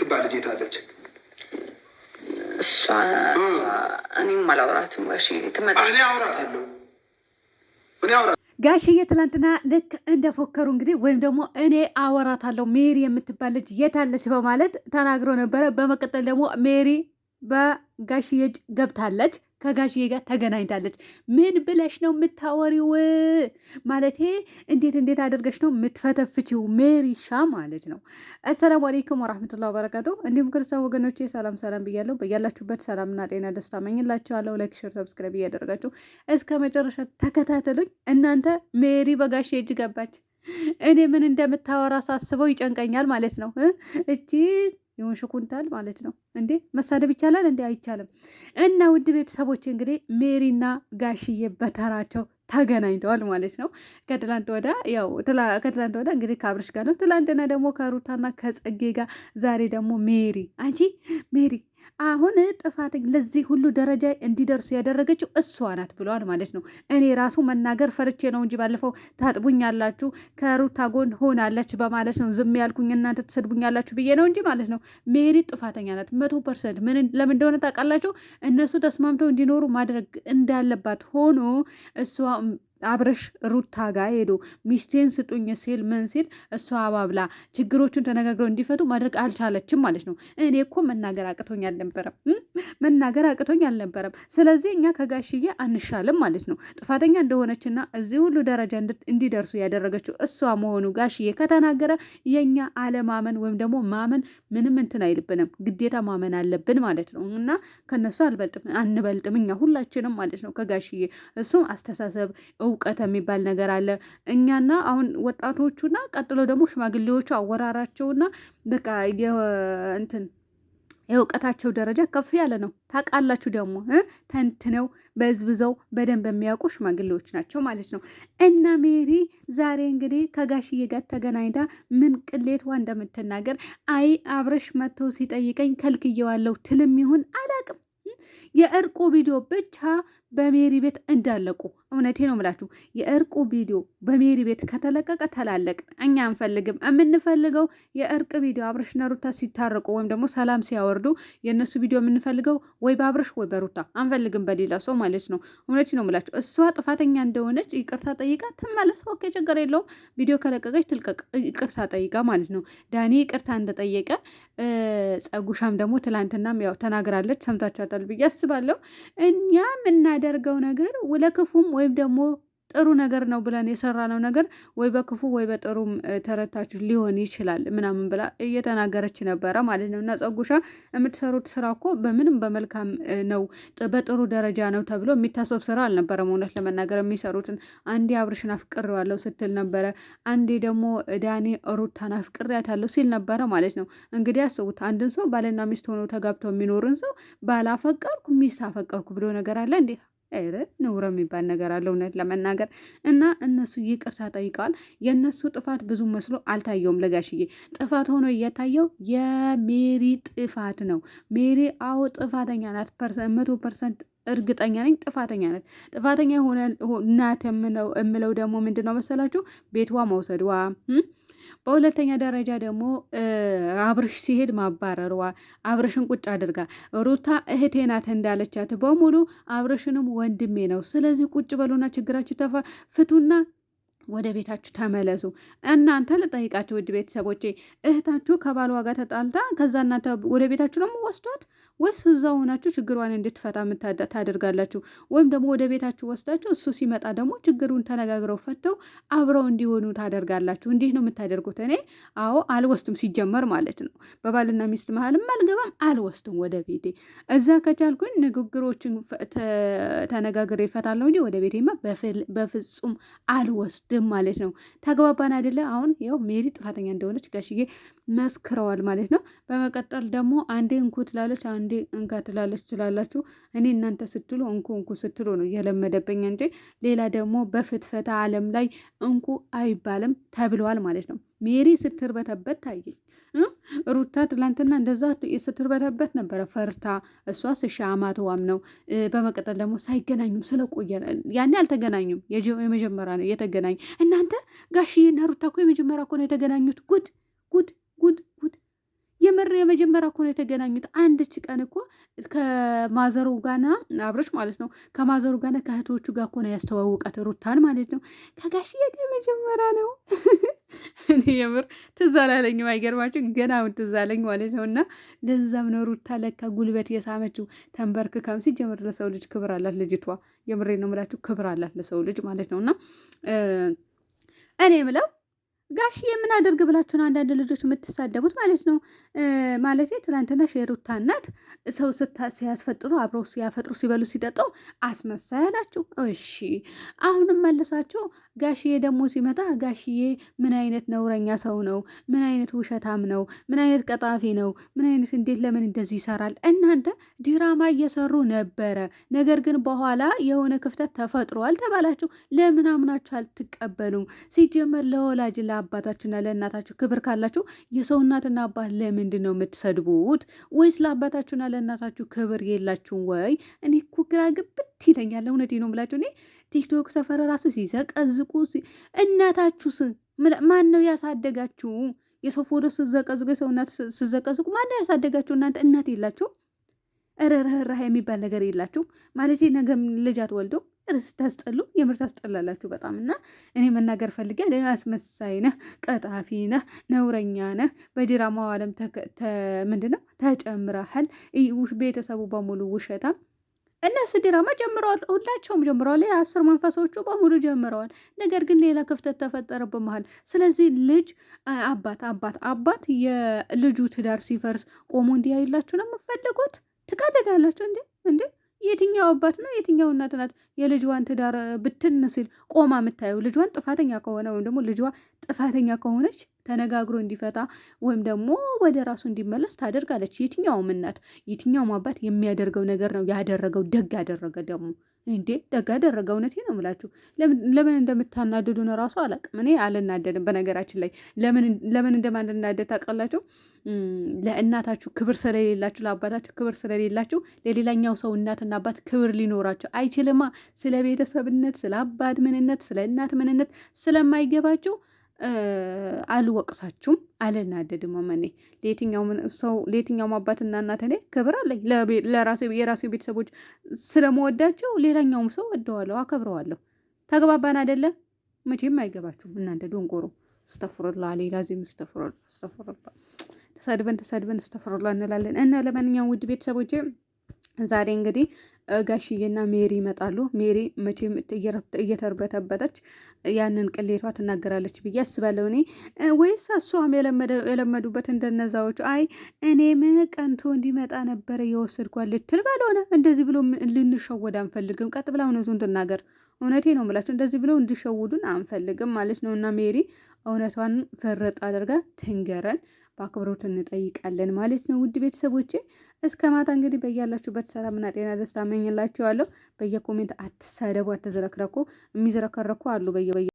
የምትባል ልጅ ታለች። እሷ እኔም አላውራትም። ጋሽ ትመጣ እኔ አውራታለሁ እኔ አውራ ጋሽዬ ትላንትና ልክ እንደፎከሩ እንግዲህ ወይም ደግሞ እኔ አወራታለሁ ሜሪ የምትባል ልጅ የታለች በማለት ተናግሮ ነበረ። በመቀጠል ደግሞ ሜሪ በጋሽዬ እጅ ገብታለች። ከጋሽዬ ጋር ተገናኝታለች። ምን ብለሽ ነው የምታወሪው? ማለቴ እንዴት እንዴት አድርገሽ ነው የምትፈተፍችው? ሜሪሻ ማለት ነው። አሰላሙ አሌይኩም ወራህመቱላ ወበረካቱ። እንዲሁም ክርስቲያን ወገኖቼ ሰላም ሰላም ብያለሁ። በያላችሁበት ሰላምና ጤና ደስታ መኝላችኋለሁ። ላይክ፣ ሼር፣ ሰብስክራይብ እያደረጋችሁ እስከ መጨረሻ ተከታተሉኝ። እናንተ ሜሪ በጋሽ እጅ ገባች። እኔ ምን እንደምታወራ ሳስበው ይጨንቀኛል ማለት ነው እቺ የሆንሽ ኩንታል ማለት ነው እንዴ! መሳደብ ይቻላል እንዴ? አይቻልም። እና ውድ ቤተሰቦች እንግዲህ ሜሪና ጋሽዬ በተራቸው ተገናኝተዋል ማለት ነው። ከትላንት ወዳ ያው ከትላንት ወዳ እንግዲህ ከአብርሽ ጋር ነው፣ ትላንትና ደግሞ ከሩታና ከጸጌ ጋር፣ ዛሬ ደግሞ ሜሪ አንቺ ሜሪ አሁን ጥፋት ለዚህ ሁሉ ደረጃ እንዲደርሱ ያደረገችው እሷ ናት ብለዋል ማለት ነው። እኔ ራሱ መናገር ፈርቼ ነው እንጂ ባለፈው ታጥቡኛላችሁ ከሩታ ጎን ሆናለች በማለት ነው ዝም ያልኩኝ። እናንተ ትሰድቡኛላችሁ ብዬ ነው እንጂ ማለት ነው። ሜሪ ጥፋተኛ ናት መቶ ፐርሰንት። ምን ለምን እንደሆነ ታውቃላችሁ። እነሱ ተስማምተው እንዲኖሩ ማድረግ እንዳለባት ሆኖ እሷ አብረሽ ሩታ ጋር ሄዶ ሚስቴን ስጡኝ ሲል ምን ሲል እሷ አባብላ ችግሮቹን ተነጋግረው እንዲፈቱ ማድረግ አልቻለችም ማለት ነው። እኔ እኮ መናገር አቅቶኝ አልነበረም፣ መናገር አቅቶኝ አልነበረም። ስለዚህ እኛ ከጋሽዬ አንሻልም ማለት ነው። ጥፋተኛ እንደሆነችና እዚህ ሁሉ ደረጃ እንዲደርሱ ያደረገችው እሷ መሆኑ ጋሽዬ ከተናገረ የእኛ አለማመን ወይም ደግሞ ማመን ምንም እንትን አይልብንም። ግዴታ ማመን አለብን ማለት ነው። እና ከነሱ አንበልጥም እኛ ሁላችንም ማለት ነው ከጋሽዬ እሱም አስተሳሰብ እውቀት የሚባል ነገር አለ። እኛና አሁን ወጣቶቹና ቀጥሎ ደግሞ ሽማግሌዎቹ አወራራቸውና በቃ እንትን የእውቀታቸው ደረጃ ከፍ ያለ ነው። ታውቃላችሁ ደግሞ ተንትነው በዝብዘው በደንብ የሚያውቁ ሽማግሌዎች ናቸው ማለት ነው። እና ሜሪ ዛሬ እንግዲህ ከጋሽዬ ጋር ተገናኝታ ምን ቅሌቷ እንደምትናገር አይ አብረሽ መጥቶ ሲጠይቀኝ ከልክየዋለው ትልም ይሁን አላቅም የእርቁ ቪዲዮ ብቻ በሜሪ ቤት እንዳለቁ እውነቴ ነው የምላችሁ የእርቁ ቪዲዮ በሜሪ ቤት ከተለቀቀ ተላለቅ። እኛ አንፈልግም። የምንፈልገው የእርቅ ቪዲዮ አብርሽና ሩታ ሲታረቁ ወይም ደግሞ ሰላም ሲያወርዱ የእነሱ ቪዲዮ የምንፈልገው ወይ በአብርሽ ወይ በሩታ አንፈልግም፣ በሌላ ሰው ማለት ነው። እውነቴ ነው የምላችሁ እሷ ጥፋተኛ እንደሆነች ይቅርታ ጠይቃ ትመለስ። ኦኬ ችግር የለውም። ቪዲዮ ከለቀቀች ትልቀቅ፣ ይቅርታ ጠይቃ ማለት ነው። ዳኒ ይቅርታ እንደጠየቀ ጸጉሻም ደግሞ ትላንትናም ያው ተናግራለች፣ ሰምታችኋታል ብዬ አስባለሁ። እኛ የምናደርገው ነገር ለክፉም ወይም ወይም ደግሞ ጥሩ ነገር ነው ብለን የሰራነው ነገር ወይ በክፉ ወይ በጥሩም ተረታችሁ ሊሆን ይችላል ምናምን ብላ እየተናገረች ነበረ ማለት ነው። እና ጸጉሻ የምትሰሩት ስራ እኮ በምንም በመልካም ነው በጥሩ ደረጃ ነው ተብሎ የሚታሰብ ስራ አልነበረም። እውነት ለመናገር የሚሰሩትን አንዴ አብርሽን አፍቅር ያለው ስትል ነበረ፣ አንዴ ደግሞ ዳኔ ሩታን አፍቅር ያታለው ሲል ነበረ ማለት ነው። እንግዲህ አስቡት አንድን ሰው ባልና ሚስት ሆነው ተጋብተው የሚኖርን ሰው ባላፈቀርኩ ሚስት አፈቀርኩ ብሎ ነገር አለ እንዴ? ኧረ ነውር የሚባል ነገር አለ እውነት ለመናገር እና እነሱ ይቅርታ ጠይቀዋል። የእነሱ ጥፋት ብዙ መስሎ አልታየውም ለጋሽዬ። ጥፋት ሆኖ እየታየው የሜሪ ጥፋት ነው። ሜሪ አዎ ጥፋተኛ ናት፣ መቶ ፐርሰንት እርግጠኛ ነኝ ጥፋተኛ ናት። ጥፋተኛ ናት የምለው ደግሞ ምንድን ነው መሰላችሁ ቤትዋ መውሰድዋ በሁለተኛ ደረጃ ደግሞ አብርሽ ሲሄድ ማባረሯ አብርሽን ቁጭ አድርጋ ሩታ እህቴ ናት እንዳለቻት በሙሉ አብርሽንም ወንድሜ ነው፣ ስለዚህ ቁጭ በሉና ችግራችሁ ተፋ ፍቱና ወደ ቤታችሁ ተመለሱ። እናንተ ልጠይቃችሁ፣ ውድ ቤተሰቦቼ፣ እህታችሁ ከባሏ ጋር ተጣልታ ከዛ እናንተ ወደ ቤታችሁ ደግሞ ወስዷት ወይስ እዛ ሆናችሁ ችግሯን እንድትፈታ ታደርጋላችሁ? ወይም ደግሞ ወደ ቤታችሁ ወስዳችሁ እሱ ሲመጣ ደግሞ ችግሩን ተነጋግረው ፈተው አብረው እንዲሆኑ ታደርጋላችሁ? እንዲህ ነው የምታደርጉት። እኔ አዎ አልወስድም፣ ሲጀመር ማለት ነው። በባልና ሚስት መሀልም አልገባም፣ አልወስድም ወደ ቤቴ። እዛ ከቻልኩኝ ንግግሮችን ተነጋግሬ ይፈታለሁ እንጂ ወደ ቤቴማ በፍጹም አልወስድም። አይደለም ማለት ነው። ተግባባን አይደለ? አሁን ያው ሜሪ ጥፋተኛ እንደሆነች ጋሽዬ መስክረዋል ማለት ነው። በመቀጠል ደግሞ አንዴ እንኩ ትላለች፣ አንዴ እንካ ትላለች ትላላችሁ። እኔ እናንተ ስትሉ እንኩ እንኩ ስትሉ ነው የለመደብኝ እንጂ ሌላ ደግሞ በፍትፈታ ዓለም ላይ እንኩ አይባልም ተብለዋል ማለት ነው። ሜሪ ስትርበተበት ታየኝ። ሩታ ትላንትና እንደዛ ስትርበተበት ነበረ ፈርታ። እሷ ስሻማ ተዋም ነው። በመቀጠል ደግሞ ሳይገናኙም ስለቆየ ያኔ አልተገናኙም። የመጀመሪያ ነው የተገናኙ። እናንተ ጋሽዬና ሩታ እኮ የመጀመሪያ እኮ ነው የተገናኙት። ጉድ ጉድ ጉድ ጉድ የምር የመጀመሪያ እኮ ነው የተገናኙት። አንድች ቀን እኮ ከማዘሩ ጋና አብረች ማለት ነው ከማዘሩ ጋና ከእህቶቹ ጋር እኮ ነው ያስተዋውቃት ሩታን ማለት ነው። ከጋሽዬ የመጀመሪያ ነው እኔ የምር ትዝ አላለኝም። አይገርማችሁ? ገና አሁን ትዝ አለኝ ማለት ነው። እና ለዛም ነው ሩታ ለካ ጉልበት የሳመችው ተንበርክካም። ሲጀምር ለሰው ልጅ ክብር አላት ልጅቷ። የምሬ ነው የምላችሁ፣ ክብር አላት ለሰው ልጅ ማለት ነው። እና እኔ ምለው ጋሽዬ ምን አደርግ ብላችሁ ነው አንዳንድ ልጆች የምትሳደቡት ማለት ነው። ማለት ትናንትና ሼሩታ እናት ሰው ሲያስፈጥሩ አብረው ሲያፈጥሩ ሲበሉ ሲጠጡ አስመሳይ አላችሁ። እሺ አሁንም መለሳችሁ። ጋሽዬ ደግሞ ሲመጣ ጋሽዬ ምን አይነት ነውረኛ ሰው ነው? ምን አይነት ውሸታም ነው? ምን አይነት ቀጣፊ ነው? ምን አይነት እንዴት ለምን እንደዚህ ይሰራል? እናንተ ዲራማ እየሰሩ ነበረ፣ ነገር ግን በኋላ የሆነ ክፍተት ተፈጥሯል ተባላችሁ። ለምን አምናችሁ አልትቀበሉም? ሲጀመር ለወላጅ ላ ለአባታችሁና ለእናታችሁ ክብር ካላችሁ የሰው እናትና አባት ለምንድን ነው የምትሰድቡት? ወይስ ለአባታችሁና ለእናታችሁ ክብር የላችሁም ወይ? እኔ እኮ ግራ ግብት ይለኛል። ነው የምላችሁ። እኔ ቲክቶክ ሰፈር ራሱ ሲዘቀዝቁ እናታችሁስ ማን ነው ያሳደጋችሁ? የሰው ፎቶ ስዘቀዝቁ፣ የሰው እናት ስዘቀዝቁ ማን ነው ያሳደጋችሁ? እናንተ እናት የላችሁ? ርህራህ የሚባል ነገር የላችሁ ማለት ነገ ልጅ አትወልዱም። ነገር ስታስጠሉ የምር ታስጠላላችሁ በጣም እና እኔ መናገር ፈልጌ አስመሳይ ነህ፣ ቀጣፊ ነህ፣ ነውረኛ ነህ፣ በድራማው ዓለም ምንድን ነው ተጨምረሃል። ቤተሰቡ በሙሉ ውሸታም እነሱ ዲራማ ጀምረዋል። ሁላቸውም ጀምረዋል። አስር መንፈሶቹ በሙሉ ጀምረዋል። ነገር ግን ሌላ ክፍተት ተፈጠረ በመሃል። ስለዚህ ልጅ አባት አባት አባት የልጁ ትዳር ሲፈርስ ቆሞ እንዲያዩላችሁ ነው የምፈልጉት። ትቀልዳላችሁ እንዴ እንዴ! የትኛው አባት ነው የትኛው እናት ናት የልጇን ትዳር ብትን ሲል ቆማ የምታየው? ልጇን ጥፋተኛ ከሆነ ወይም ደግሞ ልጇ ጥፋተኛ ከሆነች ተነጋግሮ እንዲፈታ ወይም ደግሞ ወደ ራሱ እንዲመለስ ታደርጋለች። የትኛውም እናት የትኛውም አባት የሚያደርገው ነገር ነው ያደረገው። ደግ ያደረገ ደግሞ እንዴ ደጋ ደረገ። እውነቴ ነው የምላችሁ። ለምን እንደምታናድዱን እራሱ አላቅም። እኔ አልናደድም። በነገራችን ላይ ለምን እንደማንናደድ ታውቃላችሁ? ለእናታችሁ ክብር ስለሌላችሁ፣ ለአባታችሁ ክብር ስለሌላችሁ፣ ለሌላኛው ሰው እናትና አባት ክብር ሊኖራቸው አይችልማ። ስለ ቤተሰብነት፣ ስለ አባት ምንነት፣ ስለ እናት ምንነት ስለማይገባችሁ አልወቅሳችሁም፣ አልናደድም። መኔ ለየትኛውም ሰው ለየትኛውም አባትና እናት እኔ ክብር አለኝ። የራሴ ቤተሰቦች ስለመወዳቸው ሌላኛውም ሰው ወደዋለሁ፣ አከብረዋለሁ። ተግባባን አደለ? መቼም አይገባችሁም እናንተ ዶንቆሮ። እስተፍሩላ ሌላዚም እስተፍሩላ እስተፍሩላ ተሳድበን ተሳድበን ስተፍሮላ እንላለን እና ለማንኛውም ውድ ቤተሰቦቼ ዛሬ እንግዲህ ጋሽዬና ሜሪ ይመጣሉ። ሜሪ መቼም እየተርበተበተች ያንን ቅሌቷ ትናገራለች ብዬ አስባለሁ እኔ ወይስ እሷም የለመዱበት እንደነዛዎቹ አይ እኔም ቀንቶ እንዲመጣ ነበረ የወሰድኳት ልትል ባልሆነ እንደዚህ ብሎ ልንሸወድ አንፈልግም። ቀጥ ብላ እውነቱን ትናገር። እውነቴ ነው የምላቸው እንደዚህ ብለው እንዲሸውዱን አንፈልግም ማለት ነው። እና ሜሪ እውነቷን ፍርጥ አድርጋ ትንገረን። በአክብሮት እንጠይቃለን ማለት ነው። ውድ ቤተሰቦቼ እስከ ማታ እንግዲህ በያላችሁበት ሰላምና ጤና ደስታ እመኝላችኋለሁ። በየኮሜንት አትሳደቡ፣ አትዝረክረኩ። የሚዝረከረኩ አሉ በየ